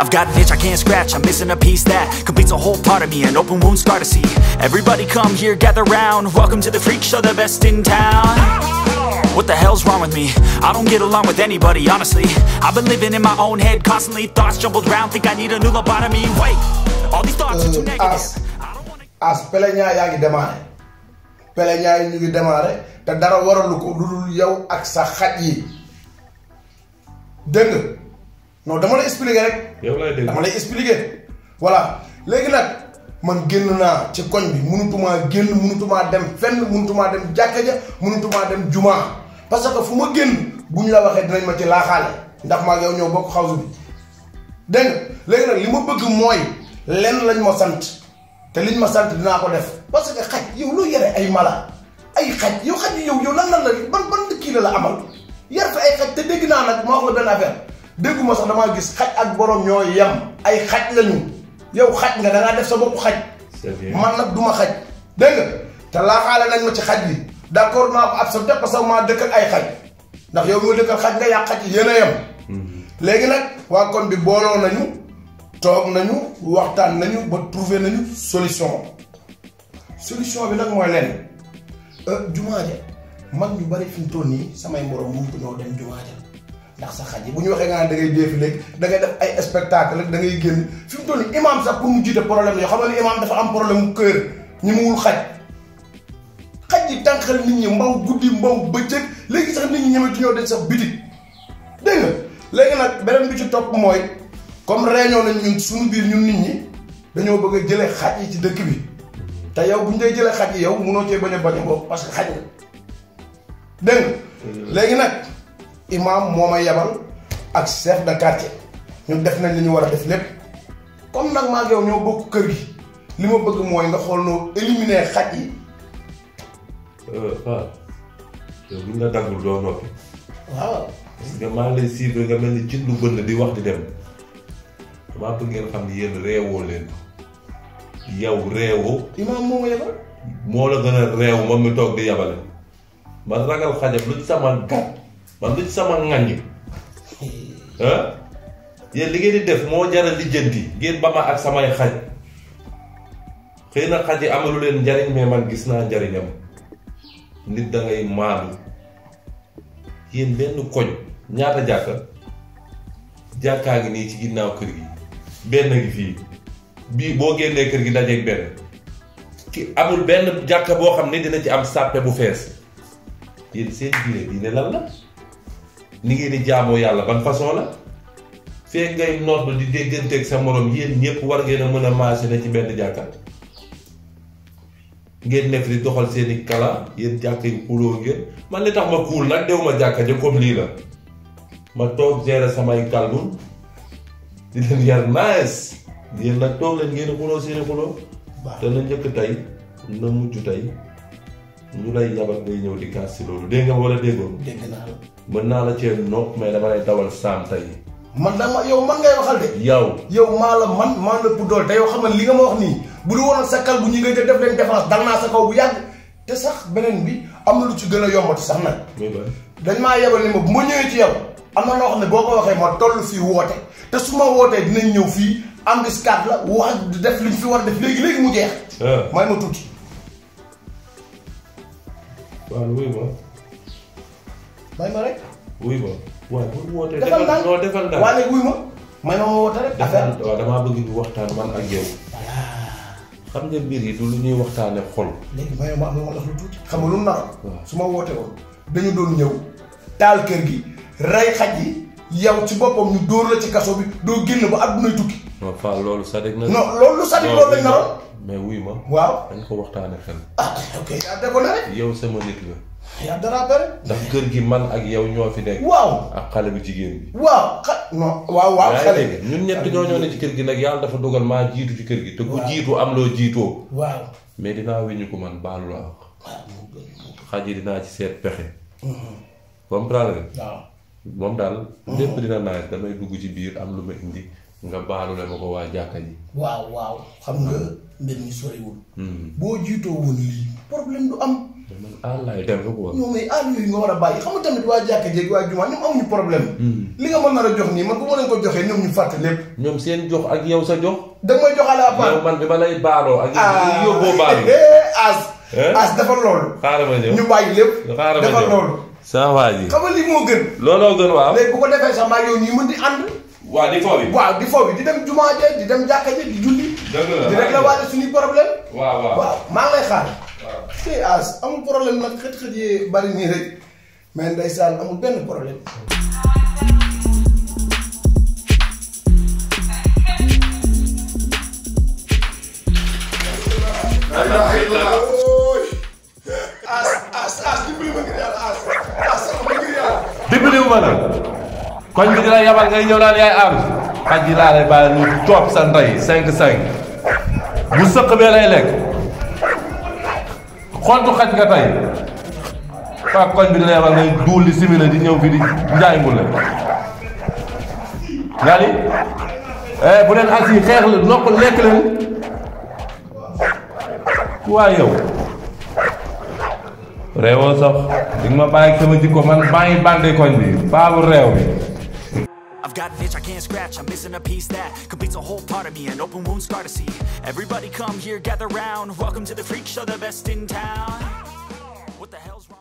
I've got an itch I can't scratch I'm missing a piece that completes a whole part of me An open wound scar to see Everybody come here, gather round Welcome to the freak show, the best in town What the hell's wrong with me? I don't get along with anybody, honestly I've been living in my own head constantly Thoughts jumbled round, think I need a new lobotomy Wait, all these thoughts are too mm, negative as peleñaa yaa ngi démarré peleñaa yi ñu ngi démarré te dara waralu ko lu ak sa xaj yi dégg non dama la expliquer rek. yow lay dégg dama lay expliquer. voilà léegi nag man génn naa ci koñ bi mënutumaa génn mënutumaa dem fenn mënutumaa dem jàkka ja mënutumaa dem jumaa parce que fu ma génn bu ñu la waxee dinañ ma ci laaxaale ndax maa yow ñëw bokk xawsu bi dégg nga léegi nag li ma bëgg mooy lenn lañ ma sant te liñ ma sant dinaa ko def parce que xaj yow loo yore ay mala ay xaj yow xaj yi yow yow lan lan la ban ban kii la la amal yar fa ay xaj te dégg naa nag ma wax deguma sax dama gis xaj ak borom ñoo yam ay xaj lañu yow xaj nga da nga def sa bopp xaj man nak duma xaj deug nga la xala nañ ma ci xaj bi d' ko ab sa dëkk sa ma dëkkal ay xaj ndax yow mo dëkkal xaj nga ya xaj yena yam yem nak wa kon bi bolo nañu tok nañu waxtaan nañu ba trouver nañu solution solution bi nag mooy leen euh, jumaa ja man ñu bari fi toni samay morom ko ñoo dem jumaa ja ndax sa xaj yi bu ñu waxee nga naan da ngay défilé da ngay def ay spectacle da ngay génn fi mu toll imam sax pour mu jiite problème yoo xam ne imam dafa am problème mu kër ñi mu wul xaj xaj yi tànqal nit ñi mbaw guddi mbaw bëccëg léegi sax nit ñi ci ñoo dañ sax bitik dégg nga léegi nag beneen bi ci topp mooy comme réunion nañ ñun suñu biir ñun nit ñi dañoo bëgg a jëlee xaj yi ci dëkk bi te yow bu ñu lay jëlee xaj yi yow munoo cee bañ a bañ boobu parce que xaj nga dégg nga léegi nag imam moo ma yebal ak chef de quartier ñu def nañ li ñu war a def lépp comme nag maa ngi ñoo bokk kër gi li ma bëgg mooy nga xool noo éliminer xaj yi. ah yow buñ la daggul doo noppi. waaw. parce que maa lay suivre nga mel ni ci lu bënn di wax di dem damaa bëgg ngeen xam ni yéen réewoo leen yow réewoo. imaam moo ma yebal. moo la gën a réew moom mu toog di yabale man ragal xajam lu ci man du sama ŋaññi ah yéen li ngeen di def moo jar a lijjanti ngeen ba ma ak samay xaj xëy na xaj yi amalu leen njariñ mais man gis naa njariñam nit da ngay maadu benn koñ ñaata jàkka jàkkaa ngi nii ci ginnaaw kër gi benn ngi fii bii boo génnee kër gi dajeeg benn ki amul benn jàkka boo xam ne dina ci am sàppe bu fees yéen seen biir bii ne lan ni ngeen di jaamoo yàlla ban façon la fee ngay nodd di dégganteeg sa morom yéen ñëpp war ngeen a mën a maase ne ci benn jàkka ngeen nekk di doxal seen i kala yéen jàkka yi xuloo ngeen man li tax ma kuul nag dew ma jàkka ja comme lii la ma toog gérer samay kalbu di leen yar naes yéen nag toog leen ngeen xuloo seen i xuloo te na njëkk tey na mujj tey ñu lay yabal day ñëw di kaas si loolu dégg nga ma wala déggoon. dégg naa la. mën naa la cee nopp mais dama lay dawal saam tey. man dama yow man ngay waxal de. yow yow maa la man maa la buddool te yow xam nga li nga ma wax nii bu du woon sa kal bu ñu ngay def leen défense dal naa yàgg te sax beneen bi am na lu ci gën a yombati sax nag. dañ maa yebal ni ma bu ma ñëwee ci yow am na loo xam ne boo ko waxee ma toll fii woote te su ma wootee dinañ ñëw fii am embuscade la wax def liñ fi war def léegi léegi mu jeex. Ah. may ma tuuti. Well, we were. may ma rek. wuy ma waaye bu wootee. defal ndànk non defal ndànk waaye wuy ma. may ma ma rek. affaire bi waaw bëgg ñu waxtaan man ak yow. xam nga mbir yi du lu ñuy waxtaane xol. léegi may ma am na lu tuuti. xam nga lu nar. woon dañu doon ñëw taal kër gi xaj yi yow ci boppam ñu la ci kaso bi doo génn ba tukki. non Fall loolu sadik na. non loolu sadik loolu lañ naroon. mais wuy ma. waaw dañ ko waxtaanee xel. ah ok yaa déggoon na rek. yow sama nit la. yaa dara ba rek. ndax kër gi man ak yow ñoo fi nekk. waaw ak xale bu jigéen bi. waaw xa non. waaw waaw xale bi ñun ñett ñoo ñoo ne ci kër gi nag yàlla dafa dogal maa jiitu ci kër gi. te ku jiitu am loo jiitoo. waaw mais dinaa weñu ko man baalu la ak. xaji dinaa ci seet pexe. Mm-hmm. comprendre nga. waaw moom daal. lépp dina naaj damay dugg ci biir am lu ma indi. nga baalu la ma ko waa jàkka ji. waaw waaw xam nga mbir mi soriwul. Hmm. boo jiitoo woon lii problème du am. man aal laay dem ko woon. non mais nga war a bàyyi xam nga tamit waa jàkka jeeg waa jumaa ñoom amuñu problème. Hmm. li nga mën nar a jox nii man bu ma leen ko joxee ñoom ñu fàtte lépp. ñoom seen jox ak yow sa jox. da ma lay baaloo ak. ah yow boo baaloo eh, as. Eh? as dafa loolu. xaaral ma ñëw ñu bàyyi lépp. xaaral ma ñëw dafa loolu. moo gën. looloo gën waaw. léegi bu ko defee sax maa yow ñuy mën ànd waaw di foofu waaw di foofu di dem jumaa je di dem jàkka je di julli. di réglé waale suñuy problème. waaw waaw waaw maa ngi lay xaar. waaw as amul problème nag xët-xët yi bari nii rek mais ndeysaan amul ben problème. la ilaha koñ bi dina yabal ngay ñëw naan yaay aar xaj yi laa lay bàyyi coob sa ndey 5-5 bu sëq bee lay lekk xontu xaj nga tey waa koñ bi dina yabal ngay duul di simile di ñëw fii di njaay ngule nga ni eh, bu leen as xeex la nokk lekk leen waaye yow réewoo sax di ma bàyyi sama jikko man bàyyi bande koñ bi baabu réew bi I've got an itch I can't scratch, I'm missing a piece that completes a whole part of me, an open wound scar to see. Everybody come here, gather round, welcome to the freak show, the best in town.